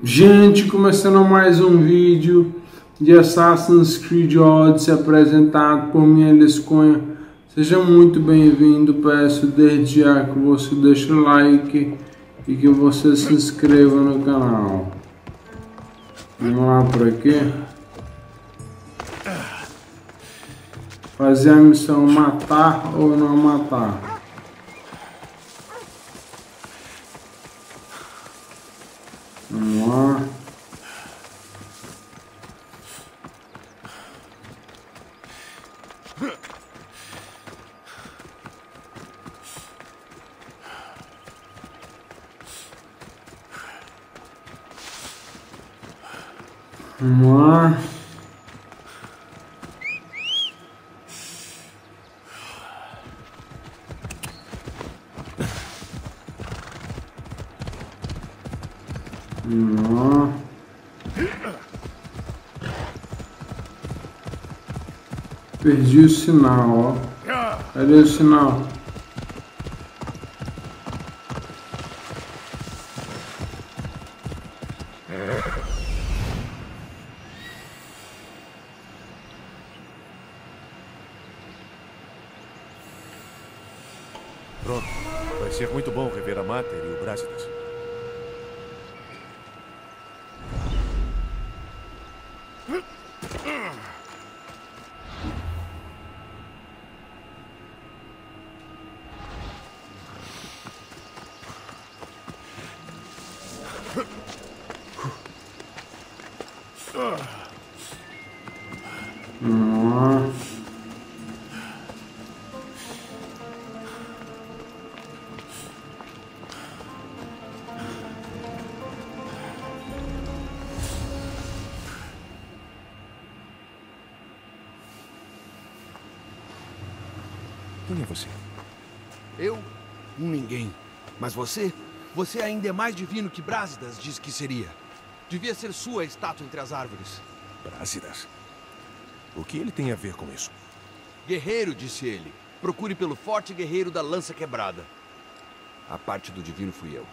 Gente, começando mais um vídeo de Assassin's Creed Odyssey apresentado por minha Lesconha. Seja muito bem-vindo, peço desde já que você deixe o like e que você se inscreva no canal. Vamos lá por aqui. Fazer a missão matar ou não matar. Moi. Moi. Não. Perdi o sinal, ó. Cadê o sinal? Pronto. Vai ser muito bom rever a Mater e o Brásidas. Quem é você? Eu? Um ninguém. Mas você você ainda é mais divino que Brásidas diz que seria. Devia ser sua a estátua entre as árvores. Brásidas? O que ele tem a ver com isso? Guerreiro, disse ele. Procure pelo forte guerreiro da lança quebrada. A parte do divino fui eu.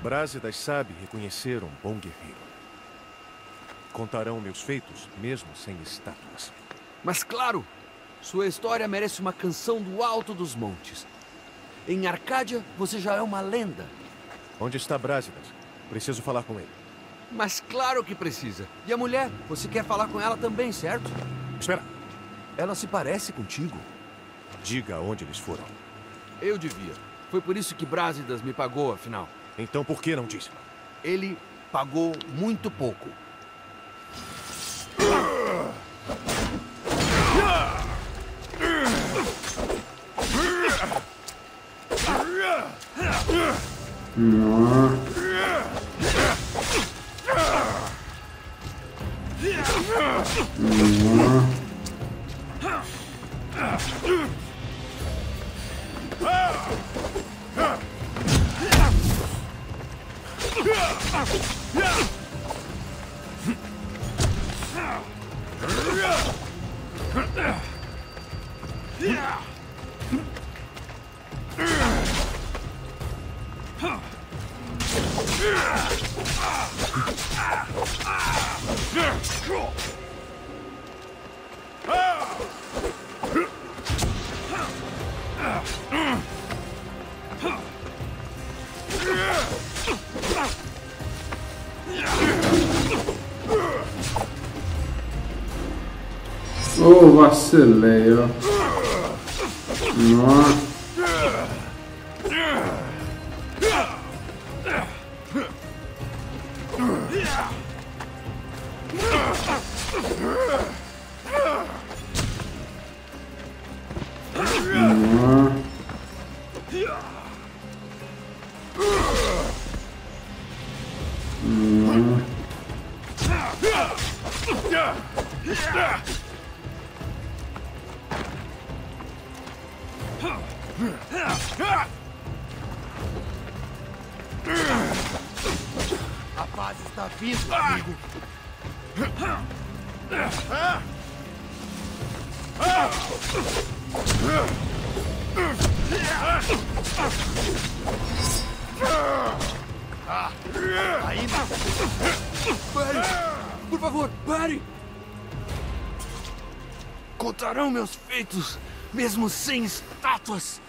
Brásidas sabe reconhecer um bom guerreiro. Contarão meus feitos, mesmo sem estátuas. Mas claro, sua história merece uma canção do alto dos montes. Em Arcádia, você já é uma lenda. Onde está Brásidas? Preciso falar com ele. Mas claro que precisa. E a mulher? Você quer falar com ela também, certo? Espera. Ela se parece contigo. Diga onde eles foram. Eu devia. Foi por isso que Brásidas me pagou, afinal. Então por que não disse? Ele pagou muito pouco. 女儿女 Ô oh, vacilei, ó. Nossa. A paz está vindo, ah! amigo. Ah, ainda? Ah! Ah! Pare! Por favor, pare! Contarão meus feitos, mesmo sem estátuas.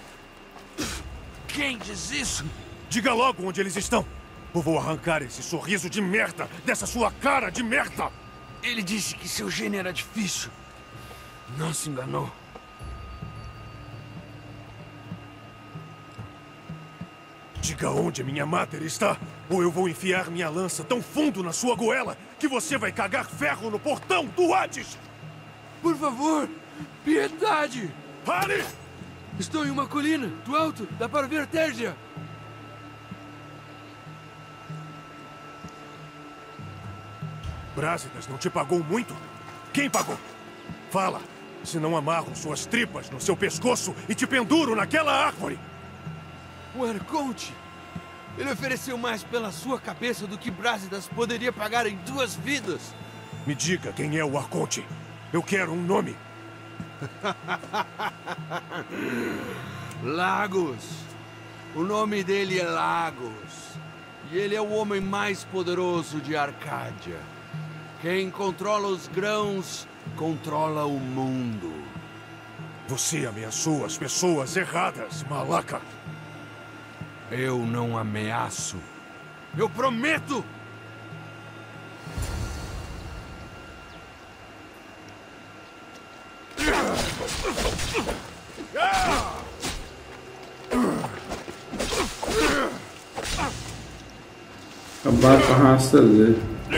Quem diz isso? Diga logo onde eles estão. Ou vou arrancar esse sorriso de merda dessa sua cara de merda! Ele disse que seu gênio era difícil. Não se enganou. Diga onde minha mater está, ou eu vou enfiar minha lança tão fundo na sua goela que você vai cagar ferro no portão do Hades! Por favor, piedade! Pare! Estou em uma colina, do alto, dá para ver Térgia. Brásidas não te pagou muito? Quem pagou? Fala, Se não amarro suas tripas no seu pescoço e te penduro naquela árvore. O Arconte, ele ofereceu mais pela sua cabeça do que Brásidas poderia pagar em duas vidas. Me diga quem é o Arconte. Eu quero um nome. Lagos. O nome dele é Lagos. E ele é o homem mais poderoso de Arcádia. Quem controla os grãos, controla o mundo. Você ameaçou as pessoas erradas, Malaka. Eu não ameaço. Eu prometo! A bot behind to dude. Ugh!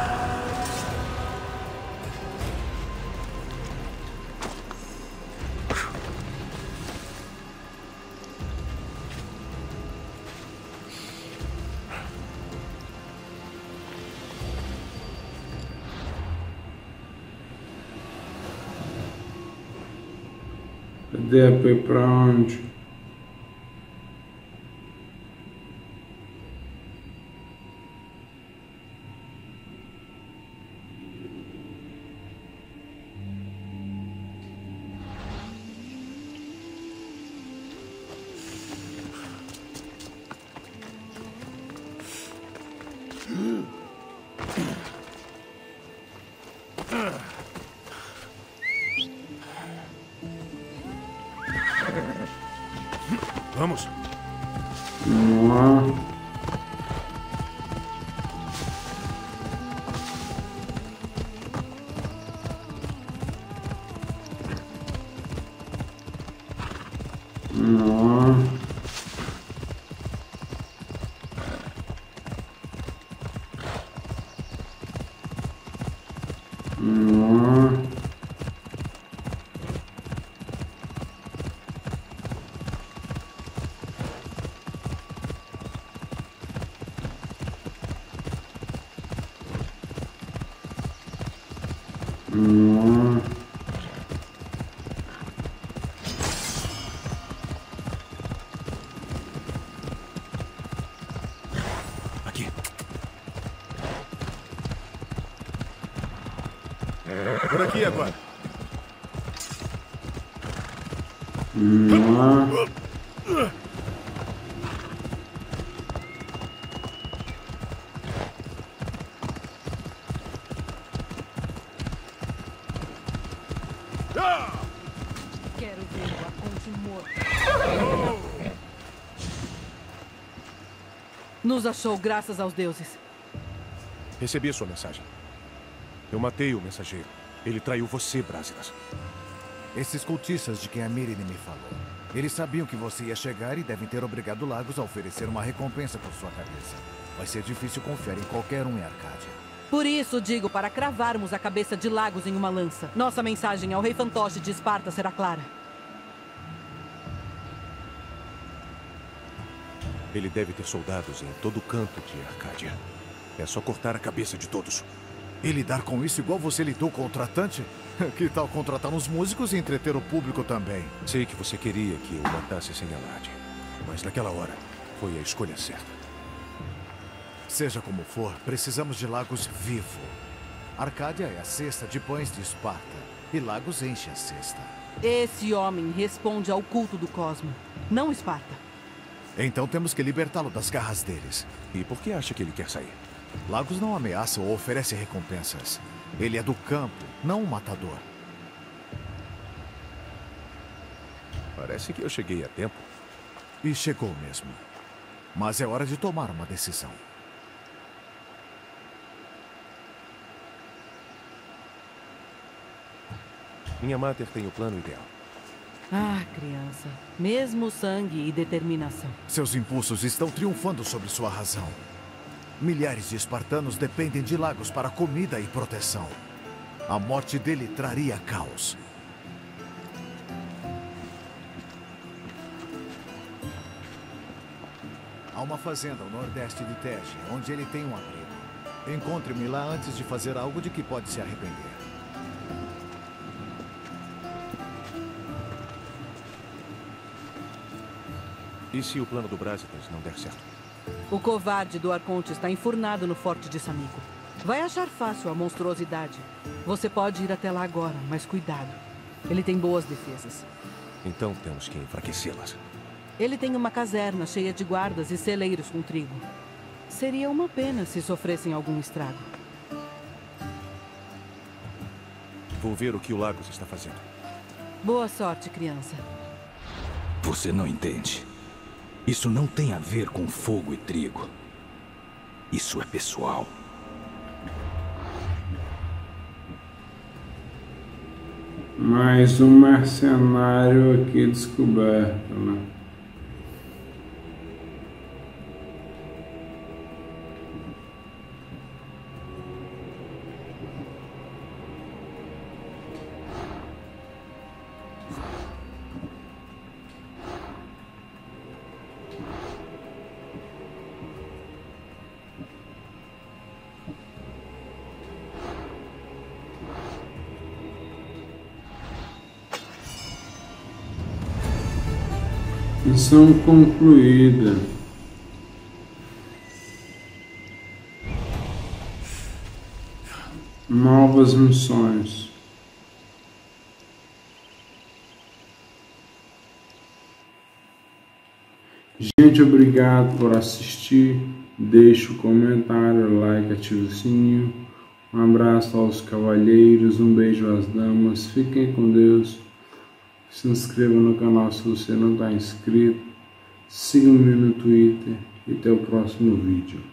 depe pranjo. Vamos. Ракеба. Nos achou, graças aos deuses. Recebi a sua mensagem. Eu matei o mensageiro. Ele traiu você, Brásidas. Esses cultistas de quem a Mirine me falou. Eles sabiam que você ia chegar e devem ter obrigado Lagos a oferecer uma recompensa por sua cabeça. Vai ser difícil confiar em qualquer um em Arcádia. Por isso digo para cravarmos a cabeça de Lagos em uma lança. Nossa mensagem ao rei fantoche de Esparta será clara. Ele deve ter soldados em todo canto de Arcádia. É só cortar a cabeça de todos. E lidar com isso igual você lidou com o tratante? Que tal contratar uns músicos e entreter o público também? Sei que você queria que eu matasse sem alarde. Mas naquela hora, foi a escolha certa. Seja como for, precisamos de Lagos vivo. Arcádia é a cesta de pães de Esparta. E Lagos enche a cesta. Esse homem responde ao culto do Cosmo, não Esparta. Então temos que libertá-lo das garras deles. E por que acha que ele quer sair? Lagos não ameaça ou oferece recompensas. Ele é do campo, não um matador. Parece que eu cheguei a tempo. E chegou mesmo. Mas é hora de tomar uma decisão. Minha mater tem o plano ideal. Ah, criança. Mesmo sangue e determinação. Seus impulsos estão triunfando sobre sua razão. Milhares de espartanos dependem de lagos para comida e proteção. A morte dele traria caos. Há uma fazenda ao nordeste de Tege, onde ele tem um abrigo. Encontre-me lá antes de fazer algo de que pode se arrepender. E se o plano do Brásidas não der certo? O covarde do Arconte está enfurnado no Forte de Samico. Vai achar fácil a monstruosidade. Você pode ir até lá agora, mas cuidado. Ele tem boas defesas. Então temos que enfraquecê-las. Ele tem uma caserna cheia de guardas e celeiros com trigo. Seria uma pena se sofressem algum estrago. Vou ver o que o Lagos está fazendo. Boa sorte, criança. Você não entende. Isso não tem a ver com fogo e trigo. Isso é pessoal. Mais um mercenário aqui descoberto, né? Missão concluída. Novas missões. Gente, obrigado por assistir. Deixe o comentário, like, ative o sininho. Um abraço aos cavalheiros, um beijo às damas. Fiquem com Deus se inscreva no canal se você não está inscrito, siga-me no Twitter e até o próximo vídeo.